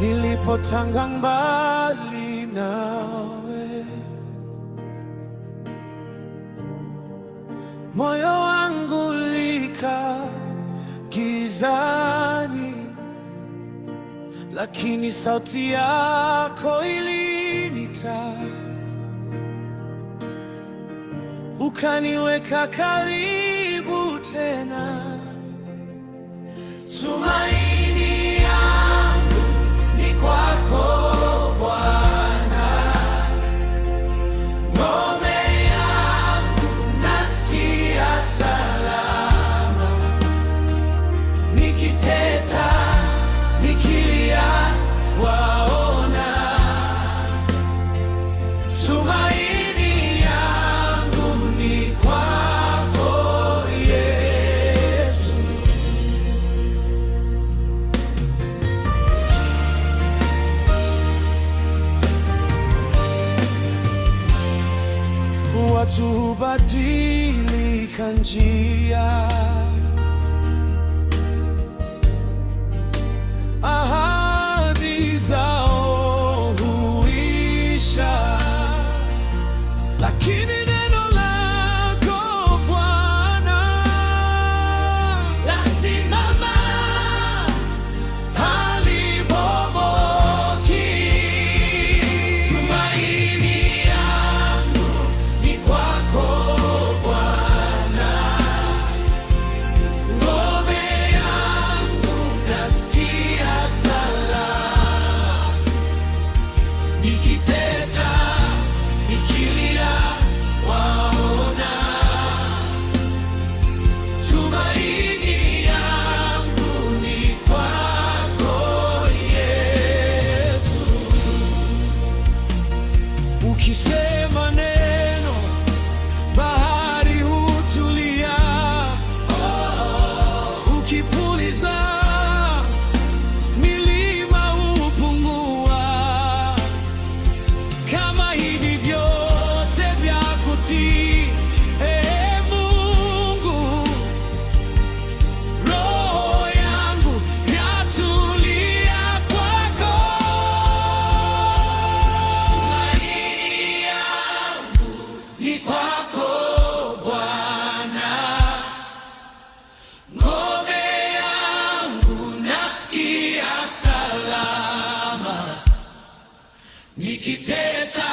nilipotanga mbali nawe, moyo wangu lika gizani, lakini sauti yako ilinita, ukaniweka karibu tena tumaini watu njia nikiteta, nikilia, waona tumaini yangu ni kwako Yesu. Ukise nikiteta